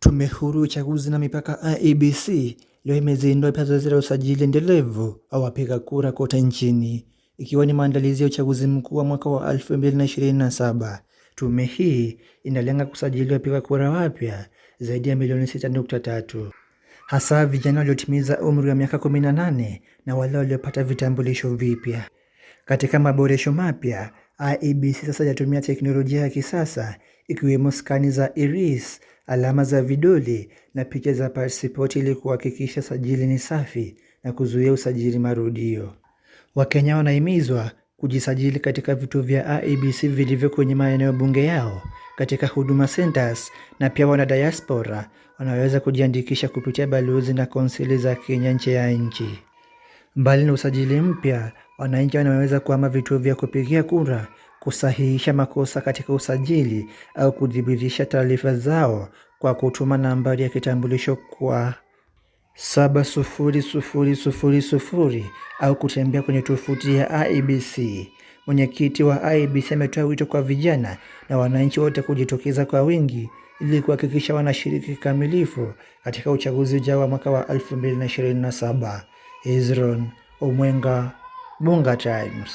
Tume Huru ya Uchaguzi na Mipaka IEBC leo imezindua pia zoezi la usajili endelevu au wapiga kura kote nchini ikiwa ni maandalizi ya uchaguzi mkuu wa mwaka wa 2027. Tume hii inalenga kusajili wapiga kura wapya zaidi ya milioni 6.3, hasa vijana waliotimiza umri wa miaka 18 na wale waliopata vitambulisho vipya. Katika maboresho mapya, IEBC sasa yatumia teknolojia ya kisasa ikiwemo skani za iris, alama za vidole na picha za pasipoti ili kuhakikisha sajili ni safi na kuzuia usajili marudio. Wakenya wanahimizwa kujisajili katika vituo vya IEBC vilivyo kwenye maeneo bunge yao katika huduma centers, na pia wana diaspora wanaweza kujiandikisha kupitia balozi na konsili za Kenya nje ya nchi. Mbali na usajili mpya, wananchi wanaweza kuhama vituo vya kupigia kura, kusahihisha makosa katika usajili au kudhibitisha taarifa zao kwa kutuma nambari ya kitambulisho kwa sufuri au kutembea kwenye tovuti ya IEBC. Mwenyekiti wa IEBC ametoa wito kwa vijana na wananchi wote kujitokeza kwa wingi ili kuhakikisha wanashiriki kikamilifu katika uchaguzi ujao wa mwaka wa 2027. Hezron Omwenga, bunga Times.